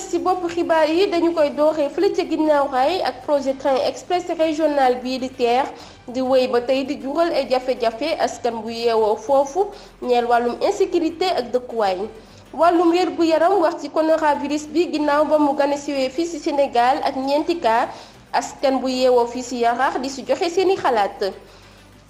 fës ci bopp xibaar yi dañu koy dooxee fële ca ginnaaw raay ak projet train express régional bii di TER di woy ba tey di jural ay jafe-jafe askan bu yeewoo foofu ñeel wàllum insécurité ak dëkkuwaay wàllum wér gu yaram wax ci coronavirus bi ginnaaw ba mu gane siwee fii ci Sénégal ak ñeenti cas askan bu yeewoo fii ci Yaraax di ci joxe seeni xalaat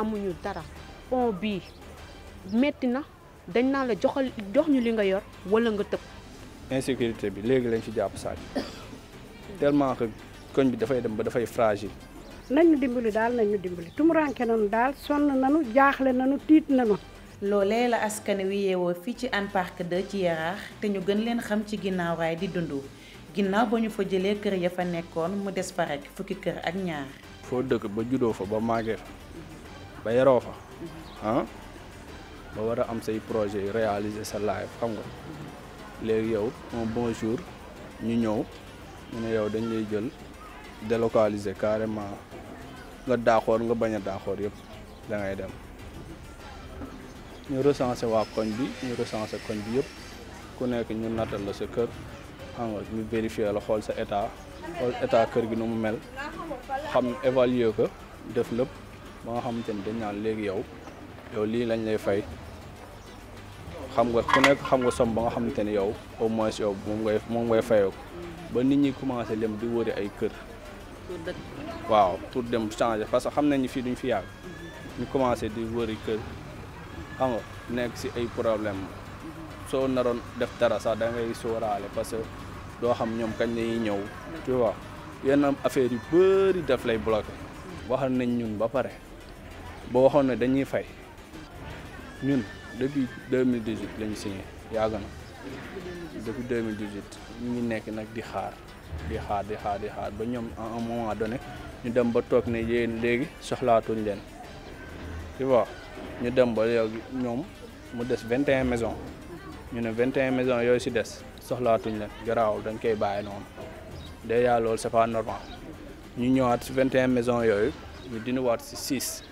amuñu dara pont bii metti na dañ naa la joxal jox ñu li nga yor wala nga tëb. insécurité bi léegi lañ ci jàpp saa tellement que koñ bi dafay dem ba dafay fragile. nañu dimbali daal nañu dimbali tumuraanke nanu daal sonn nanu jaaxle nanu tiit nanu. loolee la askan wi yeewoo fii ci Hann Parc 2 ci Yaraax te ñu gën leen xam ci ginnaaw raay di dund ginnaaw ba ñu fa jëlee kër ya fa nekkoon mu des fa rekk fukki kër ak ñaar. foo dëkk ba juddoo fa ba màggee ba yaroo fa ah ba war a am say projet réaliser sa live xam nga léegi yow un bon jour ñu ñëw ñu ne yow dañ lay jël délocaliser carrément nga daaxoor nga bañ a daaxoor yëpp da ngay dem ñu recenser waa koñ bi ñu recenser koñ bi yëpp ku nekk ñu nattal la sa kër xam nga ñu vérifier la xool sa état xool état kër gi nu mu mel xam évaluer ko def lépp ba nga xamante ni dañ naan léegi yow yow lii lañ lay fay xam nga ku nekk xam nga som ba nga xamante ni yow au moins yow moom ngay moom fayoo ba nit ñi commencé dem di wëri ay kër. waaw pour dem changer parce que xam nañu fii duñ fi yàgg. Mhm. ñu commencé di wëri kër xam nga nekk si ay problème soo naroon def dara sax da ngay sóoraale parce que doo xam ñoom kañ lañuy ñëw tu vois yenn affaire yu bëri daf lay bloqué mhm. waxal nañ ñun ba pare ba waxoon ne dañuy fay ñun depuis 2018 la ñu signé yàgg na depuis 2018 ñu ngi nekk nag di xaar di xaar di xaar di xaar ba ñoom à un moment donné ñu dem ba toog ne yéen léegi soxlaatuñ leen tu vois ñu dem ba léegi ñoom mu des 21 maisons ñu ne 21 maisons yooyu si des soxlaatuñ leen garaawul dañ koy bàyyi noonu déjà loolu c'est pas normal ñu ñëwaat si 21 maisons yooyu ñu dindiwaat si 6.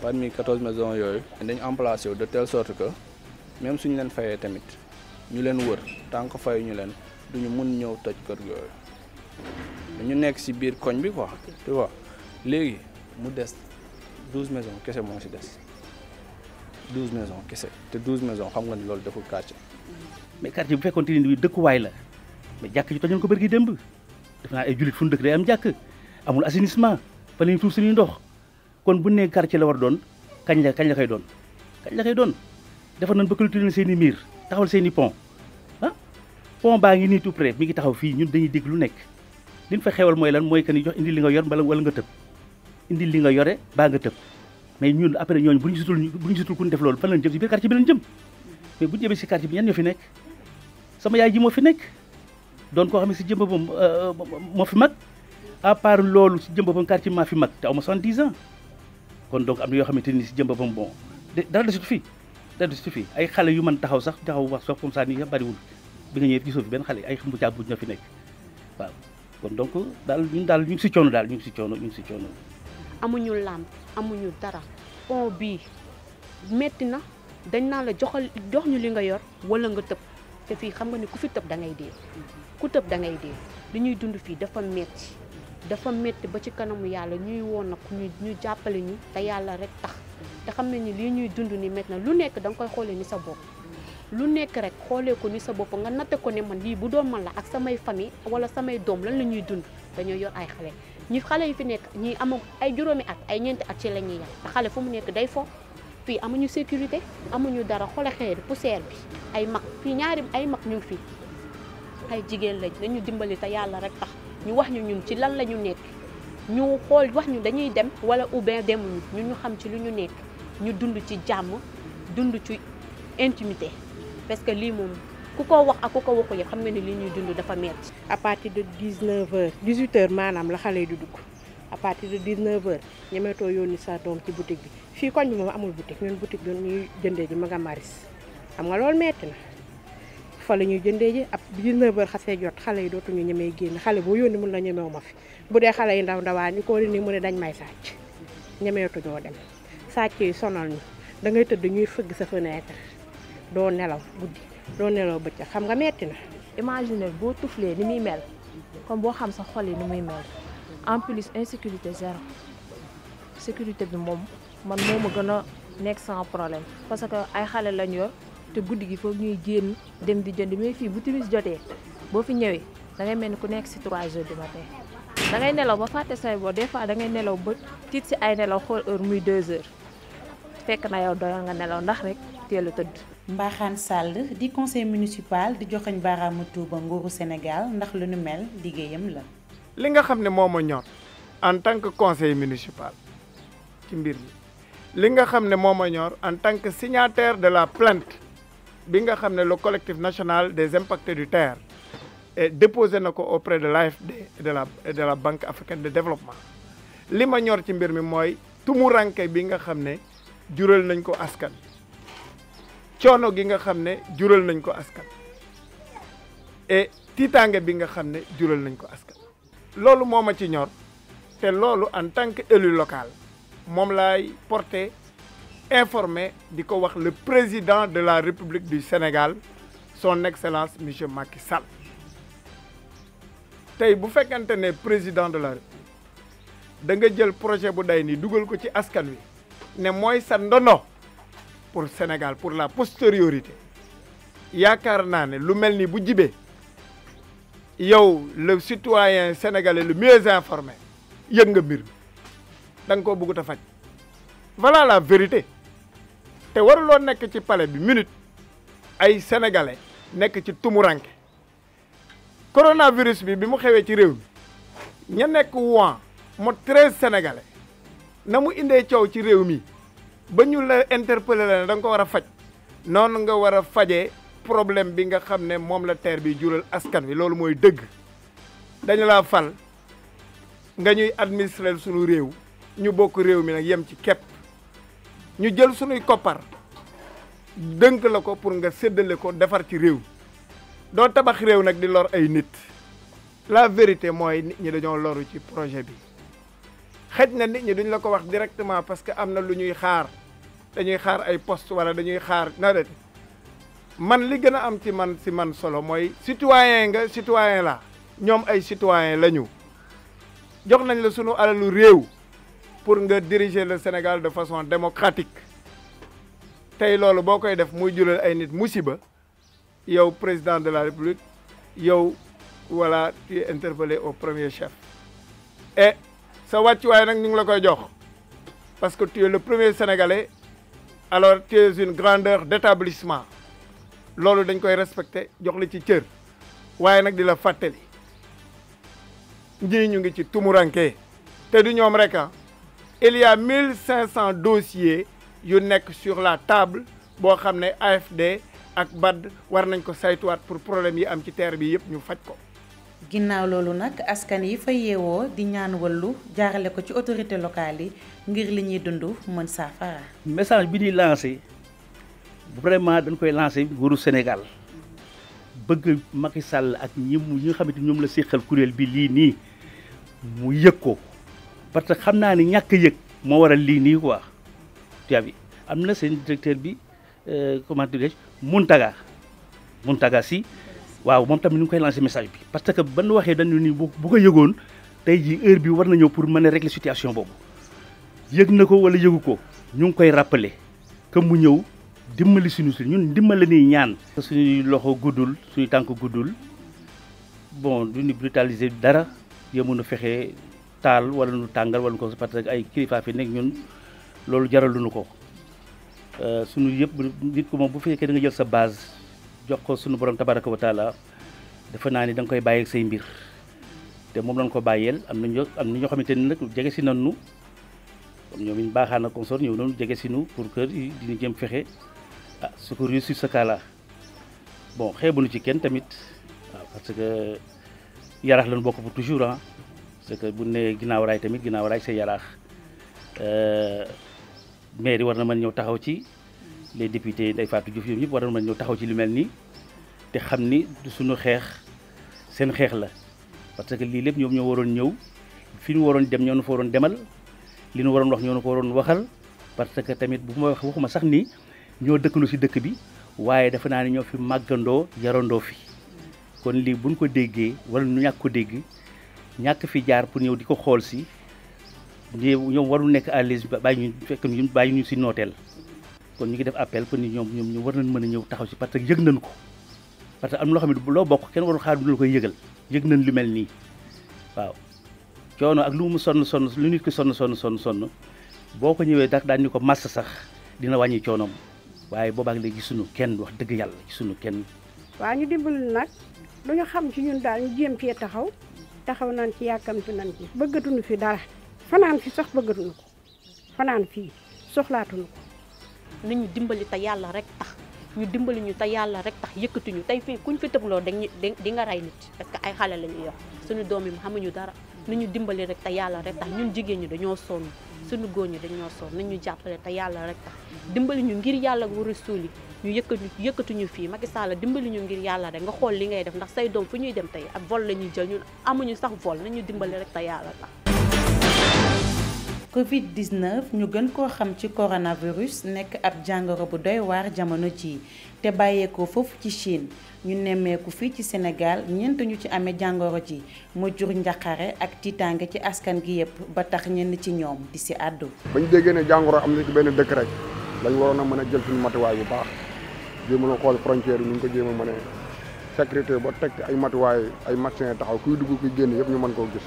parmi 14 maisons yooyu dañu emplacé wu de telle sorte que même suñu leen fayee tamit ñu leen wër tant que fayu ñu leen duñu mun ñëw toj kër yooyu dañu nekk ci biir koñ bi quoi tu vois léegi mu des 12 maisons kese moo si des 12 maisons kese te 12 maisons xam nga ni loolu deful quartier. Mm-hmm. mais quartier bu fekkoon te ni dëkkuwaay la mais jàkk ji tojoon ko bër gi démb def naa ay jullit fu nu dëkk day am jàkk amul assainissement fa la ñuy tuur suñuy ndox. kon bu nee quartier la war doon kañ la kañ la doon kañ la koy doon defar nañ ba clôturer seen i miir taxawal seeni i pont ah pont baa ngi nii tout près mi ngi taxaw fii ñun dañuy dégg lu nekk liñ fa xewal mooy lan mooy que ni jox indi li nga yor mbala wala nga tëb indi li nga yore baa nga tëb mais ñun après ñooñ bu ñu sutul bu ñu sutul ku ñu def loolu fan lañ jëm si biir quartier bi lañ jëm mais bu ñu jëmee si quartier bi ñan ñoo fi nekk sama yaay ji moo fi nekk doon koo xam ne si jëm boppam euh, moo fi mag à part loolu si jëm boppam quartier maa fi mag te ma soixante-dix ans kon donc am na yoo xamante ni si jëm boppam bon dara desut fii dara desut fii ay xale yu man taxaw sax taxaw wax sax comme ça nii sax bëriwul bi nga ñëwee gisoo fi benn xale ay mbu caa buuj ñoo waaw kon donc daal ñun daal ñu si coono daal ñu ngi si coono ñu ngi si coono. amuñu làmp amuñu dara pont bii metti na dañ naa la joxal jox ñu li nga yor wala nga tëb te fii xam nga ni ku fi tëb da ngay dee ku tëb da dee li dund fii dafa metti dafa métti ba ci kanamu yàlla ñuy woon nag ñu ñu jàppale ñu te yàlla rek tax te xam ne ni lii ñuy dund ni métti na lu nekk da nga koy xoolee ni sa bopp lu nekk rek xoolee ko ni sa bopp nga natte ko ne man lii bu doon man la ak samay famille wala samay doom lan la ñuy dund dañoo yor ay xale ñi xale yi fi nekk ñi am ay juróomi at ay ñeenti at ci la ñuy te xale fa mu nekk day fo fii amuñu sécurité amuñu dara xoole xeer poussière bi ay mag fii ñaari ay mag ñu fii ay jigéen lañ dañu dimbali te yàlla rek tax ñu wax ñu ñun ci lan la ñu nekk ñu xool wax ñu dañuy dem wala ou dem ñu ñu xam ci lu ñu nekk ñu dund ci jàmm dund ci intimité parce que lii moom ku ko wax ak ku ko waxu yëpp xam nga ni li ñuy dund dafa metti à partir de 19 heures 18 heures maanaam la xale yi du dugg à partir de 19 heures ñemeetoo yónni sa doom ci boutique bi fii koñ bi moom amul boutique ñun boutique bi ñuy jëndee ji Maga Maris xam nga loolu metti na fa la ñuy jëndee ji ab 19h xasee jot xale yi dootuñu ñemee génn xale boo yónni mun la ñemewu ma fi bu dee xale yi ndaw ndawaan ñu ko ni mu ne dañ may sàcc ñemeetuñoo dem sàcc yi sonal ñu da ngay tëdd ñuy fëgg sa fenêtre doo nelaw guddi doo nelaw bëccëg xam nga metti na. imaginer boo tuflee ni muy mel comme boo xam sa xol yi ni muy mel en plus insécurité zéro sécurité bi moom man moo ma gën a nekk san problème parce que ay xale lañ yor. te goudi gi fook ñuy génn dem di jënd mais fii bu timis jotee boo fi ñëwee da ngay mel ni ku nekk si 3 heures du matin da ngay nelaw ba fàtte say bo des fois da ngay nelaw ba tiit si ay nelaw xool heure muy 2 heures fekk na yow doyal nga nelaw ndax rek teel a tëdd. Mbaxane Sall di conseil municipal di joxañ baaraamu tuuba nguuru Sénégal ndax lu nu mel liggéeyam la. li nga xam ne moo ma ñor en tant que conseil municipal ci mbir mi li nga xam ne moo ma ñor en tant que signataire de la plainte bi nga xam le collectif national des impacts du terre déposé na ko auprès de l'AFD et de la de la banque africaine de développement li ma ñor ci mbir mi mooy tumuranke bi nga xam ne jural nañ ko askan coono gi nga xam ne jural nañ ko askan et titange bi nga xam ne jural nañ ko askan loolu moo ma ci ñor te loolu en tant que élu local moom laay porter Informé dit le président de la République du Sénégal son excellence M. Macky Sall Si bu tu es président de la République da nga le projet bu day ni dugal ko ci askan wi ne sa pour Sénégal pour la postériorité Il y a lu le citoyen sénégalais le mieux informé yëg nga da voilà la vérité te waruloo nekk ci palais bi minute ay sénégalais nekk ci tumuranke coronavirus bi bi mu xewee ci réew mi ña nekk Wuhan mo treize sénégalais na mu indee coow ci réew mi ba ñu la interpellé la ne da ko war a faj noonu nga war a faje problème bi nga xam ne moom la terre bi jural askan wi loolu mooy dëgg dañu la fal nga ñuy administrer sunu réew ñu bokk réew mi nag yem ci képp ñu jël sunuy koppar dënk la ko pour nga séddale ko defar ci réew doo tabax réew nag di lor ay nit la vérité mooy nit ñi dañoo loru ci projet bi xëj na nit ñi duñ la ko wax directement parce que am na lu ñuy xaar dañuy xaar ay poste wala dañuy xaar nawet man li gën a am ci man si man solo mooy citoyen nga citoyen la ñoom ay citoyen la ñu jox nañ la sunu alalu réew pour nga diriger le Sénégal de façon démocratique Tay loolu boo def muy jural ay nit musiba yow président de la République yow voilà tu es interpellé au premier chef et sa way nak ñu ngi la koy jox parce que tu es le premier Sénégalais alors tu es une grandeur d'établissement loolu dañ koy respecté jox li ci cër Waye nak di la fàttali ñii ñu ngi ci tumuranke té du ñom rek ah il y a 1500 dossiers yu nekk sur la table boo xam AFD ak BAD war nañ ko saytuwaat pour problème yi am ci terre bi yëpp ñu faj ko. ginnaaw loolu nag askan yi fa yeewoo di ñaan walu jaarale ko ci autorité locale yi ngir li ñuy dund mën saafara. message bi ñuy lancé vraiment dañ koy lancé nguuru Sénégal bëgg Macky Sall ak ñi ñi nga xamante ñoom la séxal kuréel bi li ni mu yëg parce que xam naa ni ñàkk yëg moo waral lii nii quoi tuyaa bi am na seen directeur bi euh, comment dirais je Muntaga Muntaga si waaw moom tamit ñu ngi koy lancer message bi parce que ban waxee dañu ni bu ko yëgoon tey jii heure bi war na ñëw pour mën a régler situation boobu yëg na ko wala yëgu ko ñu ngi koy rappeler que mu ñëw dimbali suñu si ñun dimbali ni ñaan. suñuy loxo guddul suñu tànk guddul bon duñu brutaliser dara yéemu na taal wala nu tàngal wala nu ko parce que ay kilifa fi nekk ñun loolu jaraluñu ko euh, sunu yëpp nit ko moom bu fekkee da nga jël sa base jox ko sunu borom tabaraka wa taala dafa naa ni da nga koy bàyyi say mbir te moom lañ ko bàyyeel am na ñoo am na ñoo xamante ni nag jege si nu comme ñoom ñu baaxaan na consort ñëw noonu jege si nu pour que dina jëm fexe ah su ko réussi sa kaala bon ci kenn tamit waaw parce que yarax lañ bokk pour toujours ah parce bu ne ginnaaw raay tamit ginnaaw raay c'est yaraax euh, mairie war na man ñëw taxaw ci les députés Ndeye Fatou Diouf yëpp war na mën ñëw taxaw ci lu mel nii te xam ni suñu xeex seen xeex la parce que lii lépp ñoom ñoo waroon ñëw fi ñu waroon dem ñoo nu fa waroon demal li ñu waroon wax ñoo nu ko waroon waxal parce que tamit bu ma wax waxuma sax ni ñoo dëkkandu si dëkk bi waaye dafa naa ne ñoo fi màggandoo yarandoo fi kon lii buñ ko déggee wala nu ñàkk ko dégg ñàkk fi jaar pour ñëw di ko xool si ñoom warul nekk à ba bàyyi ñu fekk ñu bàyyi ñu si nooteel kon ñu ngi def appel pour ni ñoom ñoom ñu war nañ mën a ñëw taxaw si parce que yëg nañ ko parce que am loo xam ne loo bokk kenn warul xaar du la koy yëgal yëg nañ lu mel nii waaw coono ak lu mu sonn sonn lu nit ki sonn sonn sonn sonn boo ko ñëwee da daan ñu ko massa sax dina wàññi coonoom waaye boobaak léegi gisuñu kenn wax dëgg yàlla sunu kenn. waaw ñu dimbali nag lu ñu xam ci ñun daal ñu jéem cee taxaw. taxaw nañ ci yàkkamti nañ ci bëggatuñu fi dara fanaan fi sax bëggatuñu ko fanaan fii soxlaatuñu ko nañu dimbali te yàlla rek tax ñu dimbali ñu te yàlla rek tax yëkkatuñu tey fii kuñ fi tëbloo dañu di nga rey nit parce ay xale la ñuy yor suñu doom yi xamuñu dara nañu dimbali rek te yàlla rek tax ñu jigéen ñi dañoo sonn sunu góor ñi dañoo sonn ñu jàppale te yàlla rek tax dimbali ñu ngir yàlla war a suuli ñu yëkkatu yëkkatuñu fii Macky Sall dimbali ñu ngir yàlla rek nga xool li ngay def ndax say fu ñuy dem tey ak vol la ñuy jël ñun amuñu sax vol nañu dimbali rek te yàlla tax. Covid 19 ñu gën koo xam ci coronavirus nekk ab jàngoro bu doy waar jamono jii te bàyyeekoo foofu ci Chine ñu nemmeeku fii ci Sénégal ñeent ñu ci amee jàngoro ji mu jur njaqare ak tiitaange ci askan gi yépp ba tax ñenn ci ñoom di si àddu. ba ñu déggee ne jàngoro am na ci benn dëkk rek lañ waroon a mën a jël suñu matuwaay bu baax. jéem a xool frontière yi ñu ko jéem a mën a sécurité ba teg ay matuwaay ay médecin taxaw kuy dugg kuy génn yëpp ñu mën koo gis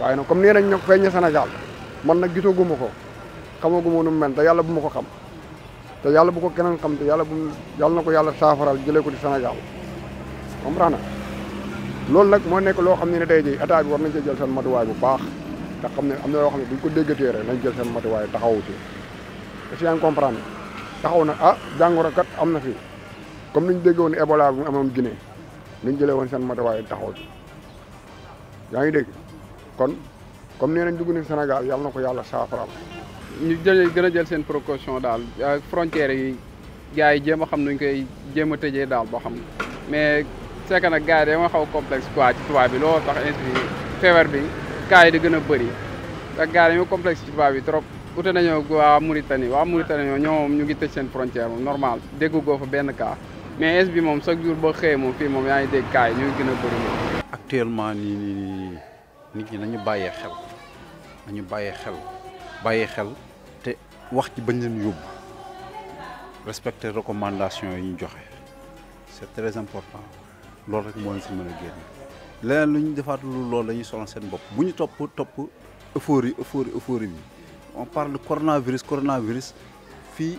waaye nag comme nee nañ ñoo feeñee Sénégal man nag gisaguma ko xamaguma nu mu mel te yàlla bu ma ko xam te yàlla bu ko keneen xam te yàlla bu yàlla na ko yàlla saafaral jëlee ko ci Sénégal comprends na loolu nag moo nekk loo xam ne ne tey jii état bi war nañ cee jël seen matuwaay bu baax te xam ne am na yoo xam ne bu ñu ko déggatee rek nañ jël seen matuwaay taxawu ci est-ce taxaw na ah jàngoro kat am na fi comme ni ñu déggee woon Ebola mu amoon Guinée ni ñu jëlee woon seen matuwaay taxaw ci yaa ngi dégg kon comme nee nañ dugg nañ Sénégal yàlla na ko yàlla saafaraal. ñu jëlee gën a jël seen précaution daal frontières yi gars yi jéem a xam nuñ koy jéem a tëjee daal boo xam mais c'est que nag gars yi dama xaw complexe quoi ci tubaab bi looloo tax instant feebar bi cas yi di gën a bëri ak gars yi dañoo complexe ci tubaab bi trop. ute nañoo waa Mauritanie waa Mauritanie ñoo moom ñu ngi tëj seen frontière moom normal déggu goo fa benn cas mais es bi moom chaque jour boo xëyee moom fii moom yaa ngi dégg cas ñu ngi gën a bëri nii nii nit ñi nañu bàyyee xel nañu bàyyee xel bàyyee xel te wax ci bañ leen yóbbu respecter yi ñu joxe c'est très important loolu rek moo leen si mën génn leneen lu ñu defaat lu loolu lañuy sonal seen bopp bu ñu topp topp euphorie euphorie euphorie bi. on parle coronavirus coronavirus fii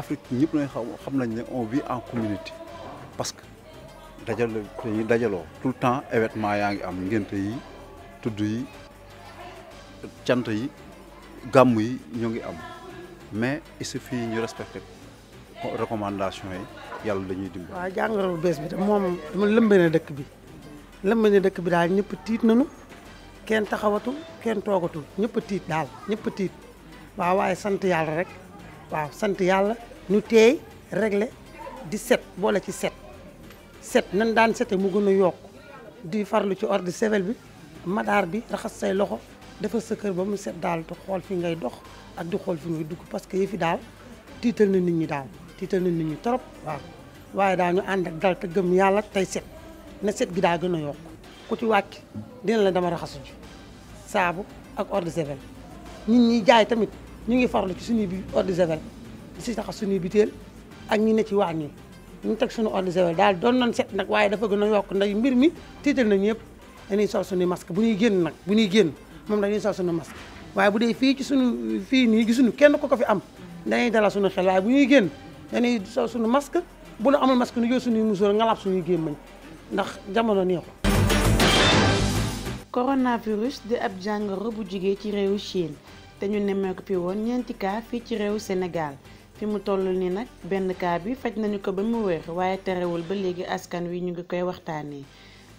Afrique ñëpp nañ xam nañ ne on vit en communauté parce que dajalo dañuy dajaloo tout le temps événement yaa ngi am ngénte yi tudd yi cant yi gàmm yi ñoo ngi am mais il suffit ñu respecter recommandation yi yàlla dañuy dimbali. waaw jàngoro bu bees bi tam moom lëmbe na dëkk bi lëmbe na dëkk bi daal ñëpp tiit nañu. kenn taxawatul kenn toogatul ñëpp tiit daal ñëpp tiit waaw waaye sant yàlla rek waaw sant yàlla ñu teey régler di set boole ci set set nan daan sete mu gën a yokk di farlu ci ordi sevel bi madaar bi raxas say loxo defal sa kër ba mu set daal te xool fi ngay dox ak di xool fi ngay dugg parce que yëfi daal tiital na nit ñi daal tiital na nit ñi trop waaw waaye daa ñu ànd ak dal te gëm yàlla tey set na set gi daa gën a yokk ku ci wàcc dina la dama raxasu ji saabu ak eau de javel nit ñi jaay tamit ñu ngi farlu ci suñuy bi eau di si tax suñuy biteel ak ñi ne ci waañ yi ñu teg suñu eau de javel doon nañ set nag waaye dafa gën a yokk ndax mbir mi tiital nañu yëpp dañuy sol suñu masque bu ñuy génn nag bu ñuy génn moom dañuy sol suñu masque waaye bu dee fii ci suñu fii nii gisuñu kenn ko ko fi am dañuy dalal suñu xel ñuy génn dañuy sol suñu masque bu nu amul masque nu jël suñuy musóor ngalab suñuy gémmañ ndax jamono neexu coronavirus de Abdjang jàngoro bu ci réewu Chine té ñu pi woon ñenti cas fi ci réewu Sénégal fi mu toll ni nak benn cas bi faj nañu ko ba mu wér waaye terewul ba légui askan wi ñu ngi koy waxtaanee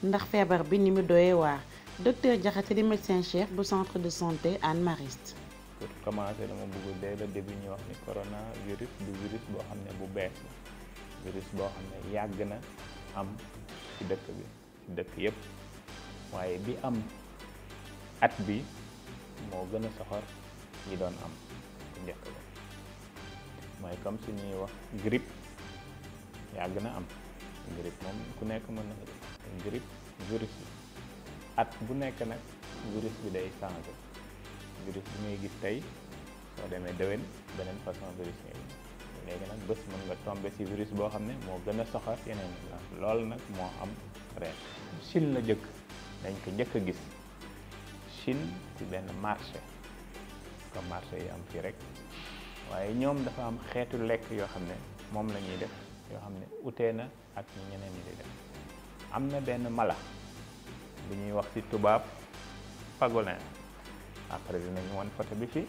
ndax fièvre bi ni mu doyé wa docteur Diakhaté di médecin chef bu centre de santé anne Mariste. pour commencer dama bëgg dé le début ñu wax ni coronavirus du virus boo xamné bu bees virus boo xamné ne na am ci dëkk bi ci dëkk yépp. waaye bi am at bi moo gën a soxor yi doon am bu njëkk ba mooy comme su ñuy wax grippe yaa gën a am grippe moom ku nekk mën na grippe virus bi at bu nekk nag virus bi day changé virus bi ngay gis tey soo demee déwén beneen façon virus ngay gis léegi nag bés mën nga tombé ci virus boo xam ne moo gën a soxor yeneen lool nag moo am ren Chine la jëkk dañ ko jëkk gis chine ci benn marché ko marché yi am fi rek waaye ñoom dafa am xeetu lekk yoo xam ne moom la ñuy def yoo xam ne utee na ak ñeneen ñi di def am na benn mala bu ñuy wax ci tubaab pagolin après dinañu won photo bi fi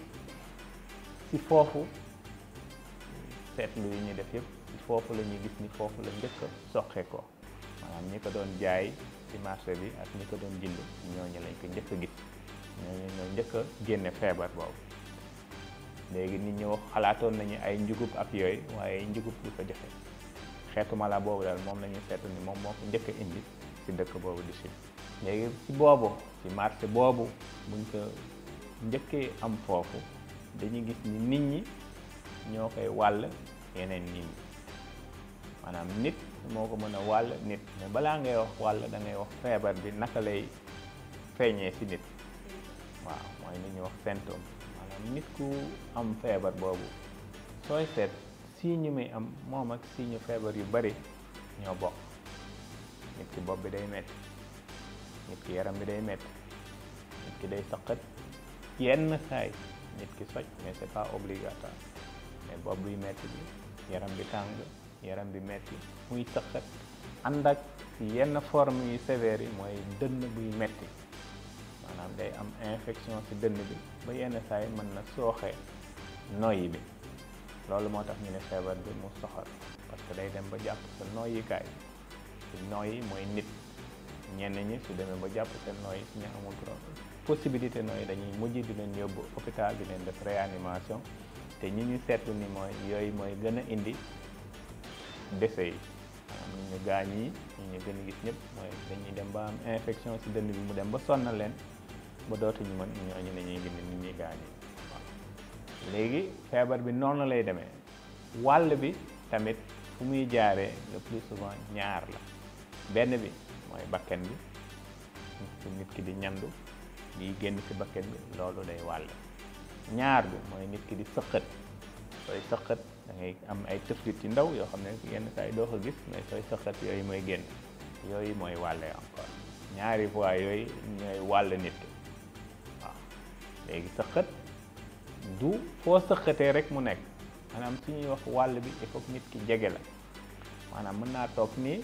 ci foofu seetlu yi ñu def yëpp foofu la ñuy gis ni foofu la njëkk soqe ko maanaam ñi ko doon jaay ci marché bi ak ñi ko doon jënd ñooñu lañ ko njëkk a gis ñooñu ñoo njëkk a génne feebar boobu léegi nit wax xalaatoon nañu ay njugub ak yooyu waaye njugub du ko joxe xeetu mala boobu daal moom la ñu seetu ni moom moo ko njëkk indi ci dëkk boobu di Chine léegi ci boobu ci marché boobu buñ ko njëkkee am foofu dañu gis nit ñi ñoo koy wàll yeneen nit ñi nit moo ko mën a wàll nit mais balaa ngay wax wàll da ngay wax feebar bi naka lay feeñee ci nit waaw mooy li ñuy wax symptôme maanaam nit ku am feebar boobu sooy seet signe muy am moom ak siiñu feebar yu bari ñoo bokk nit ki bopp bi day metti nit ki yaram bi day metti nit ki day saqat yenn saay nit ki soj mais c'est pas obligatoire mais bopp buy metti bi yaram bi tàng yaram bi metti muy tëqat ànd ak yenn forme yu sévère yi mooy dënn buy metti maanaam day am infection ci dënn bi ba yenn saa yi mën na sooxe noyyi bi loolu moo tax ñu ne feebar bi mu soxor parce que day dem ba jàpp sa ñenn ñi su demee ba jàpp seen su ñu amul trop possibilité dañuy mujj di leen yóbbu hôpital di leen def réanimation te ñi ñu seetlu ni mooy yooyu mooy gën a indi déchets yi maanaam ñu gaañ yi ñu ñu gën gis ñëpp mooy dañuy dem ba am infection ci dënn bi mu dem ba sonnal leen ba dootuñu mën ñooñu la ñuy gën nit ñuy gaañ yi waaw léegi feebar bi noonu lay demee wàll bi tamit fu muy jaaree le plus souvent ñaar la benn bi mooy bakken bi nit ki di ñandu liy génn ci bakken bi loolu day wàll ñaar bi mooy nit ki di sëqët sooy sëqët da am ay tëflit yu ndaw yoo xam ne yenn saa yi doo ko gis mais sooy sëqat yooyu mooy génn yooyu mooy wàlle encore ñaari fois yooyu ñooy wàll nit ki léegi sëqat du foo sëqatee rek mu nekk maanaam su ñuy wax wàll bi il faut nit ki jege la maanaam mën naa toog nii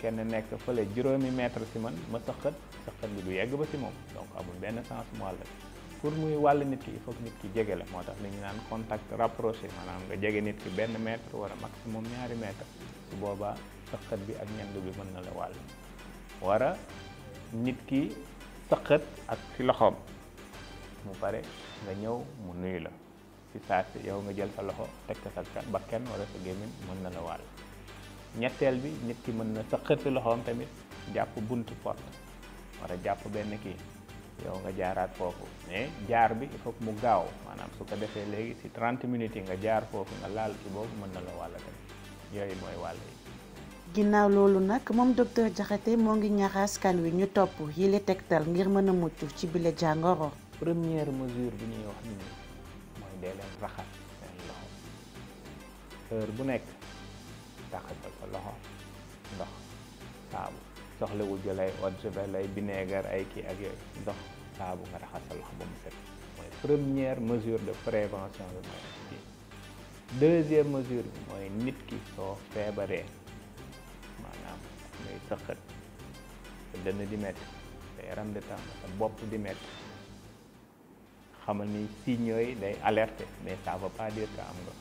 kenn nekk fële juróomi mètre si man ma sëqat sëqat bi du yegg ba si moom donc amul benn sens mu wàll bi pour muy wal nit ki fokk nit ki jege motax dañ nane contact rapproché manam nga djegé nit ki ben mètre wala maximum ñaari mètre su boba bi ak bi mën na la wal wara nit ki sëqët ak si loxom mu pare nga ñew mu nuy la si saa yow nga jël sa loxo teg ko sa kenn wala sa gémmiñ mën na la wal ñettel bi nit ki mën na loxom tamit japp buntu porte wara japp ben ki yow nga jaaraat foofu mais jaar bi il mu gaaw maanaam su ko defee léegi si 30 minutes yi nga jaar foofu nga laal ci boobu mën na la wàll tamit yooyu mooy wàll yi. ginnaaw loolu nag moom docteur Diakhaté moo ngi ñaxaaskan wi ñu topp yile tegtal ngir mën a mucc ci bile jàngoro. première mesure bi ñuy wax nii mooy dee leen raxas seen loxo heure bu nekk raxasal sa loxo ndox saabu. soxlawul jël ay eau de ay vinaigre ay kii ak yooyu ndox saabu nga raxas sa loxo ba mu set mooy première mesure de prévention bi mooy mooy nit ki soo feebaree maanaam ngay sëqët sa dënn di métti sa yaram di tàng sa bopp di métti xamal ni signes yooyu day alerte mais ça veut pas dire que am nga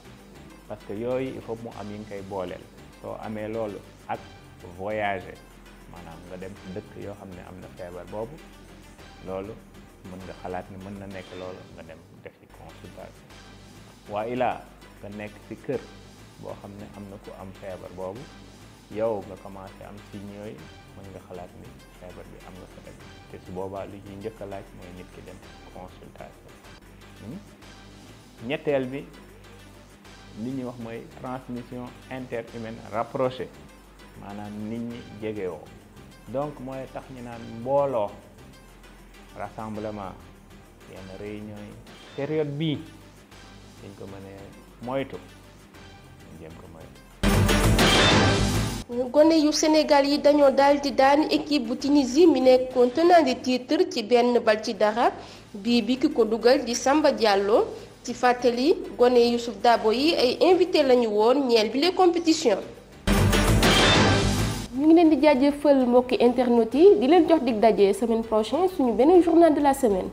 parce que yooyu il faut mu am yi nga koy booleel soo amee loolu ak voyager maanaam nga dem ci dëkk yoo xam ne am na feebar boobu loolu mën nga xalaat ni mën na nekk loolu nga dem def consultation waa ilaa nga nekk ci kër boo xam ne am na ku am feebar boobu yow nga commencé am si yooyu mën nga xalaat ni feebar bi am nga ko def te su boobaa lu ñuy njëkk a laaj mooy nit ki dem consultation hmm? ñetteel bi li ñuy wax mooy transmission interhumaine rapprochée maanaam nit ñi jegewoo donc moy tax ñu naan mbooloo rassemblement yenn réunion yi période bii dañ ko mënee moytu jëm ko moytu gone yu Sénégal yi dañoo daal di daan équipe bu Tunisie mi nekkoon tenant de titre ci benn bal ci dara bii bi ki ko dugal di Samba Diallo ci fàttali gone Youssouf Dabo yi ay invité lañu woon ñeel bi les compétitions ñu ngi déjà di jaajëfal mbokki internet yi di leen jox dig semaine prochaine suñu beneen journal de la semaine